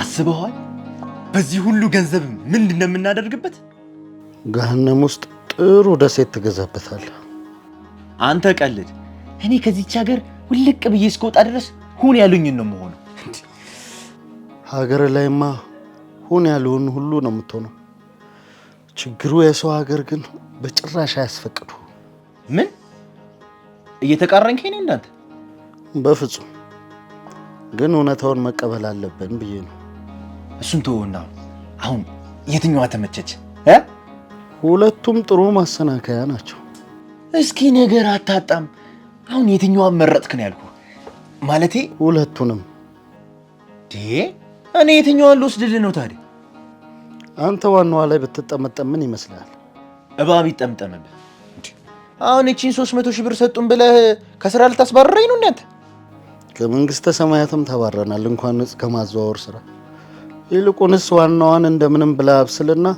አስበዋል? በዚህ ሁሉ ገንዘብ ምንድን ነው የምናደርግበት? ገሃነም ውስጥ ጥሩ ደሴት ትገዛበታለህ። አንተ ቀልድ። እኔ ከዚች ሀገር ውልቅ ብዬ እስከወጣ ድረስ ሁን ያሉኝን ነው የምሆነው። ሀገር ላይማ ሁን ያሉን ሁሉ ነው የምትሆነው። ችግሩ የሰው ሀገር ግን በጭራሽ አያስፈቅዱ። ምን እየተቃረንከኝ ነው? እንዳንተ በፍጹም ግን እውነታውን መቀበል አለብን ብዬ ነው እሱን ተወውና አሁን የትኛዋ ተመቸች? ሁለቱም ጥሩ ማሰናከያ ናቸው። እስኪ ነገር አታጣም። አሁን የትኛዋን መረጥክ ነው ያልኩ ማለቴ ሁለቱንም። እኔ የትኛዋን ልወስድልህ ነው ታዲያ? አንተ ዋናዋ ላይ ብትጠመጠም ምን ይመስላል? እባብ ይጠምጠምብህ። አሁን እቺን ሶስት መቶ ሺህ ብር ሰጡን ብለህ ከስራ ልታስባረረኝ ነው? እናንተ ከመንግስተ ሰማያትም ተባረናል፣ እንኳን ከማዘዋወር ስራ ይልቁንስ ዋናዋን እንደምንም ብላ አብስልና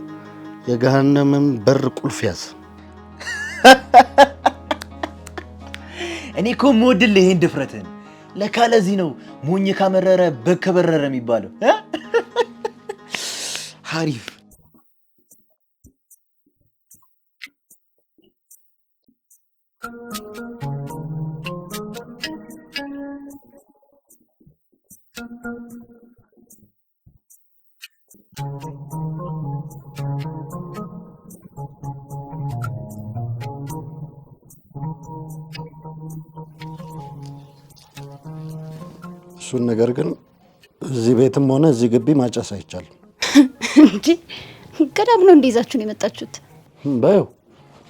የገሃነምን በር ቁልፍ ያዝ። እኔ እኮ የምወድልህ ይህን ድፍረትን ለካ ለዚህ ነው ሞኝ ካመረረ በግ ከበረረ የሚባለው። አሪፍ እሱን ነገር ግን እዚህ ቤትም ሆነ እዚህ ግቢ ማጨስ አይቻልም። እንዲ ገዳም ነው እንደ የመጣችሁት። በይው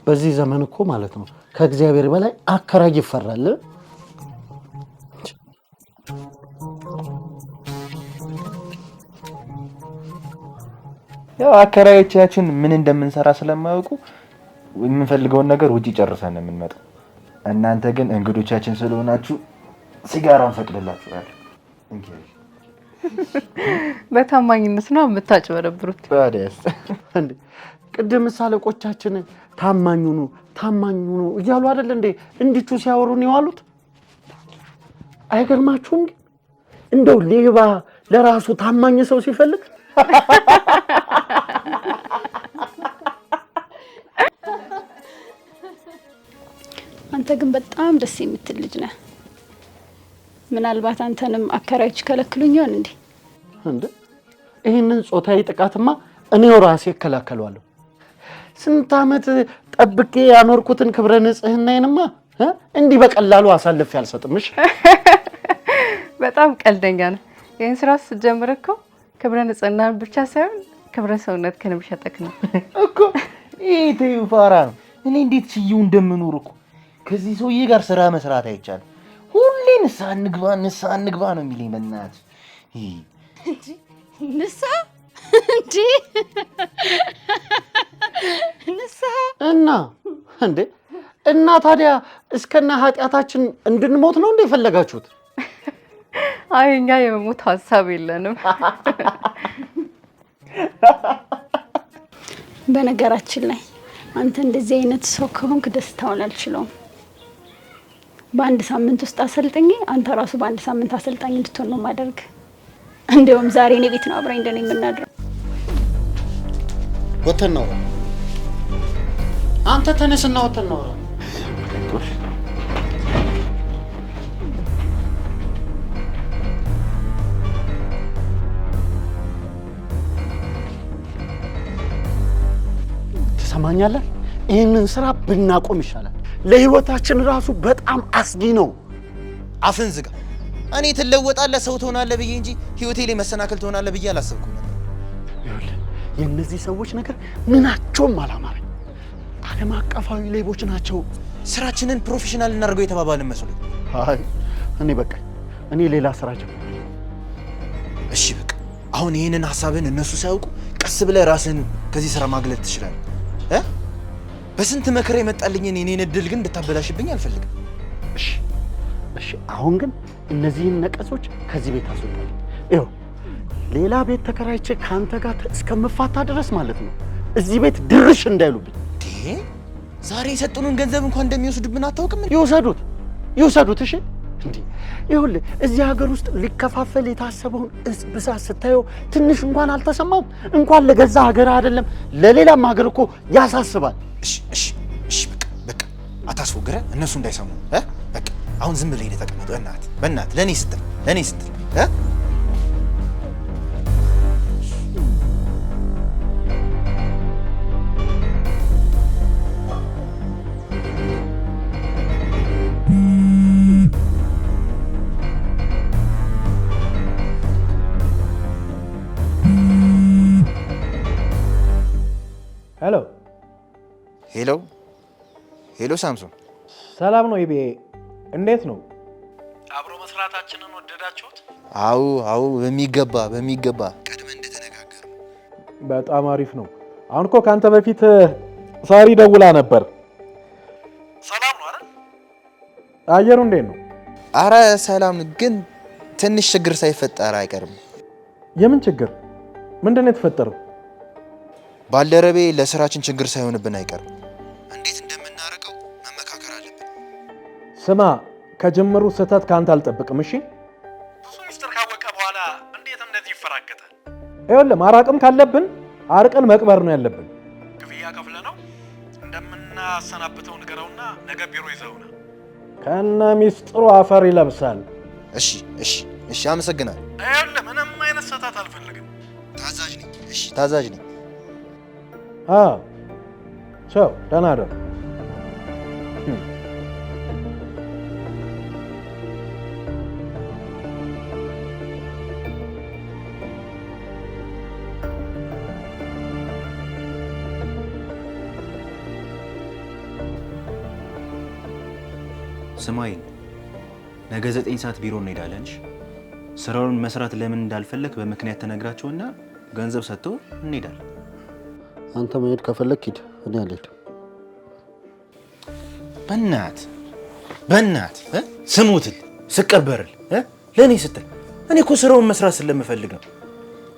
በዚህ ዘመን እኮ ማለት ነው ከእግዚአብሔር በላይ አከራጅ ይፈራል። ያው አከራዮቻችን ምን እንደምንሰራ ስለማያውቁ የምንፈልገውን ነገር ውጭ ጨርሰን የምንመጣው። እናንተ ግን እንግዶቻችን ስለሆናችሁ ሲጋራ እንፈቅድላችኋለን። በታማኝነት ነው የምታጭበረብሩት። በደስ ቅድም ሳለቆቻችን ታማኙ ነው ታማኙ ሁኑ እያሉ አይደል እንዴ እንዲቹ ሲያወሩን የዋሉት? አይገርማችሁም? እንደው ሌባ ለራሱ ታማኝ ሰው ሲፈልግ አንተ ግን በጣም ደስ የምትል ልጅ ነህ። ምናልባት አንተንም አከራዮች ከለክሉኝ ይሆን እንዴ? እንዴ ይህንን ጾታዊ ጥቃትማ እኔው ራሴ እከላከሏለሁ። ስንት ዓመት ጠብቄ ያኖርኩትን ክብረ ንጽህናዬንማ እንዲህ በቀላሉ አሳልፌ አልሰጥምሽ። በጣም ቀልደኛ ነው። ይህን ስራ ስትጀምር እኮ ክብረ ንጽህና ብቻ ሳይሆን ክብረ ሰውነት ከንብሸጠቅ ነው እኮ ይህ ፋራ ነው። እኔ እንዴት ስዩ እንደምኖር እኮ ከዚህ ሰውዬ ጋር ስራ መስራት አይቻልም። ሁሌ ንስሓ እንግባ ንስሓ እንግባ ነው የሚለኝ። በእናትህ ንስሓ እንዲ ንስሓ እና እንዴ እና ታዲያ እስከና ኃጢአታችን እንድንሞት ነው እንደ የፈለጋችሁት? አይ እኛ የመሞት ሀሳብ የለንም። በነገራችን ላይ አንተ እንደዚህ አይነት ሰው ከሆንክ ደስታውን አልችለውም። በአንድ ሳምንት ውስጥ አሰልጥኝ አንተ ራሱ በአንድ ሳምንት አሰልጣኝ እንድትሆን ነው ማደርግ። እንዲሁም ዛሬ እኔ ቤት ነው አብረኝ እንደኔ የምናድረው። ወተን ነው አንተ ተነስና ወተን ነው ትሰማኛለህ? ይህንን ስራ ብናቆም ይሻላል። ለህይወታችን ራሱ በጣም አስጊ ነው። አፍን ዝጋ። እኔ ትለወጣለህ፣ ሰው ትሆናለህ ብዬ እንጂ ህይወቴ ላይ መሰናክል ትሆናለህ ብዬ አላሰብኩም ነበር። የእነዚህ ሰዎች ነገር ምናቸውም አላማረኝ። ዓለም አቀፋዊ ሌቦች ናቸው። ስራችንን ፕሮፌሽናል እናደርገው የተባባልን መስሎ አይ እኔ በቃ እኔ ሌላ ስራ ጀ እሺ በቃ አሁን ይህንን ሀሳብን እነሱ ሳያውቁ ቀስ ብለህ ራስህን ከዚህ ስራ ማግለል ትችላለህ። በስንት መከራ የመጣልኝን የኔን እድል ግን እንድታበላሽብኝ አልፈልግም። እሺ እሺ። አሁን ግን እነዚህን ነቀሶች ከዚህ ቤት አስወጣል። ይኸው ሌላ ቤት ተከራይቼ ከአንተ ጋር እስከምፋታ ድረስ ማለት ነው እዚህ ቤት ድርሽ እንዳይሉብኝ። ዛሬ የሰጡንን ገንዘብ እንኳን እንደሚወስዱብን አታውቅም። ይውሰዱት ይውሰዱት። እሺ እንዴ ይኸውልህ እዚህ ሀገር ውስጥ ሊከፋፈል የታሰበውን ብዛት ስታየው ትንሽ እንኳን አልተሰማውም። እንኳን ለገዛ ሀገር አይደለም ለሌላም ሀገር እኮ ያሳስባል። እሺ እሺ እሺ፣ በቃ በቃ አታስወግረን፣ እነሱ እንዳይሰሙ በቃ። አሁን ዝም ብለህ ሄደህ ተቀመጥ፣ በእናትህ በእናትህ፣ ለእኔ ስትል ለእኔ ስትል ሄሎ ሄሎ ሄሎ፣ ሳምሶን ሰላም ነው ይቤ፣ እንዴት ነው? አብሮ መስራታችንን ወደዳችሁት? አው አው፣ በሚገባ በሚገባ። ቀድመ እንደተነጋገር በጣም አሪፍ ነው። አሁን እኮ ከአንተ በፊት ሳሪ ደውላ ነበር። ሰላም ነው አይደል? አየሩ እንዴት ነው? አረ ሰላም፣ ግን ትንሽ ችግር ሳይፈጠር አይቀርም። የምን ችግር? ምንድን ነው የተፈጠረው? ባልደረቤ ለስራችን ችግር ሳይሆንብን አይቀርም። እንዴት እንደምናረቀው መመካከር አለብን። ስማ፣ ከጀመሩ ስህተት ከአንተ አልጠብቅም። እሺ፣ ብዙ ሚስጥር ካወቀ በኋላ እንዴት እንደዚህ ይፈራገጣል? ይኸውልህ፣ ማራቅም ካለብን አርቀን መቅበር ነው ያለብን። ክፍያ ከፍለ ነው እንደምናሰናብተው ንገረውና ነገ ቢሮ ይዘውና ከነ ሚስጥሩ አፈር ይለብሳል። እሺ፣ እሺ፣ እሺ። አመሰግናል። ምንም አይነት ስህተት አልፈልግም። ታዛዥ ነኝ። እሺ፣ ታዛዥ ነኝ። ሰው ደህና ደሩ። ስማይን ነገ ዘጠኝ ሰዓት ቢሮ እንሄዳለን። ስራውን መስራት ለምን እንዳልፈለግ በምክንያት ተነግራቸውና ገንዘብ ሰጥቶ እንሄዳለን። አንተ መሄድ ከፈለክ ሂድ፣ እኔ አልሄድም። በናት በናት ስሙትል ስቀበርል ለእኔ ስትል እኔ እኮ ስራውን መስራት ስለምፈልግ ነው።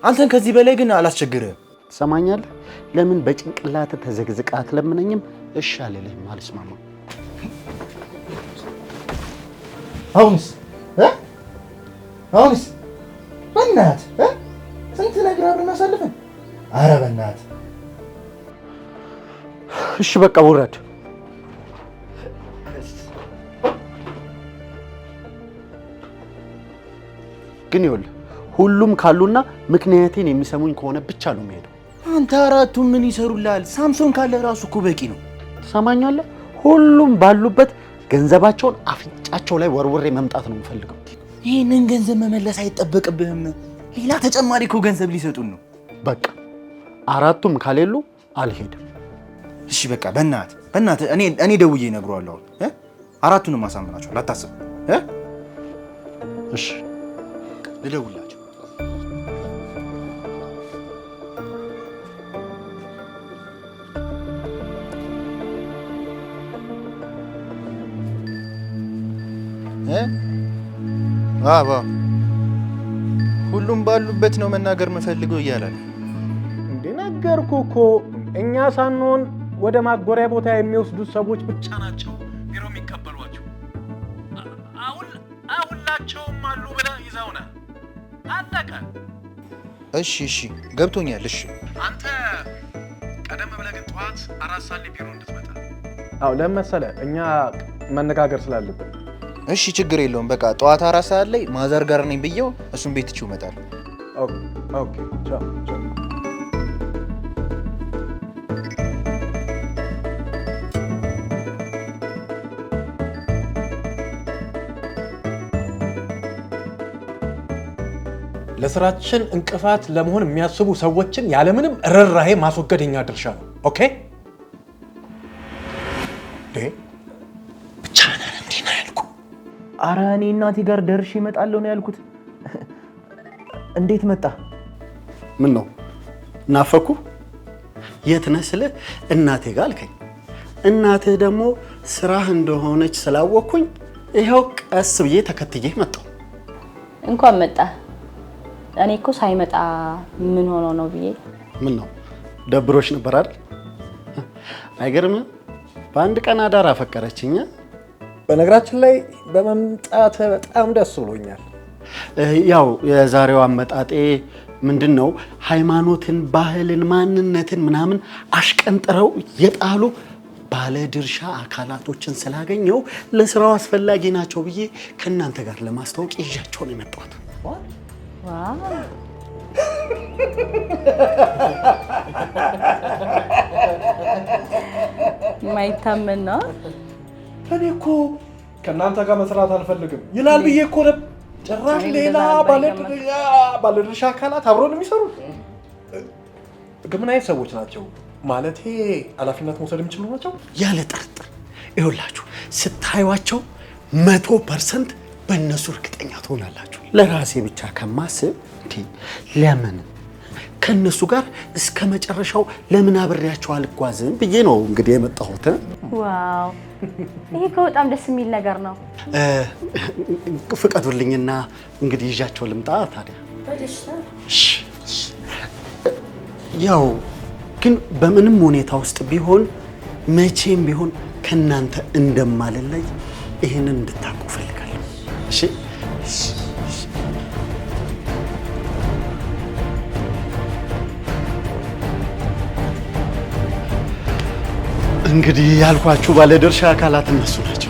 አንተን ከዚህ በላይ ግን አላስቸግርህም። ትሰማኛለህ? ለምን በጭንቅላት ተዘግዝቃ አትለምነኝም? እሺ አልልህም፣ አልስማማም። አሁንስ አሁንስ በናት ስንት ነገር አብረን አሳልፈን። አረ በእናት እሺ በቃ ውረድ። ግን ይኸውልህ ሁሉም ካሉና ምክንያቴን የሚሰሙኝ ከሆነ ብቻ ነው የሚሄደው። አንተ አራቱ ምን ይሰሩልሃል? ሳምሶን ካለ ራሱ እኮ በቂ ነው። ትሰማኛለህ? ሁሉም ባሉበት ገንዘባቸውን አፍንጫቸው ላይ ወርውሬ መምጣት ነው የምፈልገው። ይህንን ገንዘብ መመለስ አይጠበቅብህም። ሌላ ተጨማሪ እኮ ገንዘብ ሊሰጡን ነው። በቃ አራቱም ካሌሉ አልሄድም። እሺ በቃ በእናት በእናት እኔ እኔ ደውዬ እነግረዋለሁ። አራቱንም አሳምናቸዋል። አታስብ። እሺ ልደውላቸው። አባ ሁሉም ባሉበት ነው መናገር የምፈልገው እያላል እንደነገርኩ እኮ እኛ ሳንሆን ወደ ማጎሪያ ቦታ የሚወስዱት ሰዎች ብቻ ናቸው ቢሮ የሚቀበሏቸው። አሁን አሁላቸውም አሉ ብለህ ይዘውና አለቀ። እሺ፣ እሺ ገብቶኛል። እሺ አንተ ቀደም ብለህ ግን ጠዋት አራት ሳሌ ቢሮ እንድትመጣ። አዎ ለምን መሰለህ እኛ መነጋገር ስላለብን። እሺ ችግር የለውም በቃ ጠዋት አራት ሰዓት ላይ ማዘር ጋር ነኝ ብየው እሱን ቤት ይችው እመጣለሁ። ኦኬ ኦኬ ቻው ቻው ለስራችን እንቅፋት ለመሆን የሚያስቡ ሰዎችን ያለምንም ርኅራኄ ማስወገድ የኛ ድርሻ ነው። ኦኬ ብቻ እንዲህ ነው ያልኩ። አረ እኔ እናቴ ጋር ደርሼ እመጣለሁ ነው ያልኩት። እንዴት መጣ? ምን ነው ናፈኩ? የት ነህ ስልህ እናቴ ጋር አልከኝ። እናትህ ደግሞ ስራህ እንደሆነች ስላወቅኩኝ ይኸው ቀስ ብዬ ተከትዬ መጣሁ። እንኳን መጣ እኔ እኮ ሳይመጣ ምን ሆኖ ነው ብዬ ምን ነው ደብሮች ነበር አይደል? አይገርምም? በአንድ ቀን አዳር አፈቀረችኝ። በነገራችን ላይ በመምጣት በጣም ደስ ብሎኛል። ያው የዛሬው አመጣጤ ምንድን ነው ሃይማኖትን፣ ባህልን፣ ማንነትን ምናምን አሽቀንጥረው የጣሉ ባለድርሻ አካላቶችን ስላገኘው ለስራው አስፈላጊ ናቸው ብዬ ከእናንተ ጋር ለማስታወቅ ይዣቸውን ነው የመጣሁት። ዋው የማይታመን ነው። እኔ እኮ ከእናንተ ጋር መስራት አልፈልግም ይላል ብዬ እኮ ጭራሽ ሌላ ባለድርሻ አካላት አብሮ ነው የሚሰሩት። ምን አይነት ሰዎች ናቸው? ማለቴ ኃላፊነት መውሰድ የሚችሉ ናቸው? ያለ ጥርጥር ይኸውላችሁ ስታዩቸው መቶ ፐርሰንት በእነሱ እርግጠኛ ትሆናላችሁ። ለራሴ ብቻ ከማስብ እንዲ ለምን ከእነሱ ጋር እስከ መጨረሻው ለምን አብሬያቸው አልጓዝም ብዬ ነው እንግዲህ የመጣሁት። ዋው ይሄ እኮ በጣም ደስ የሚል ነገር ነው። ፍቀዱልኝና እንግዲህ ይዣቸው ልምጣ። ታዲያ ያው ግን በምንም ሁኔታ ውስጥ ቢሆን መቼም ቢሆን ከእናንተ እንደማልለይ ይህንን እንድታቁ Sí. እንግዲህ ያልኳችሁ ባለድርሻ አካላት እነሱ ናቸው።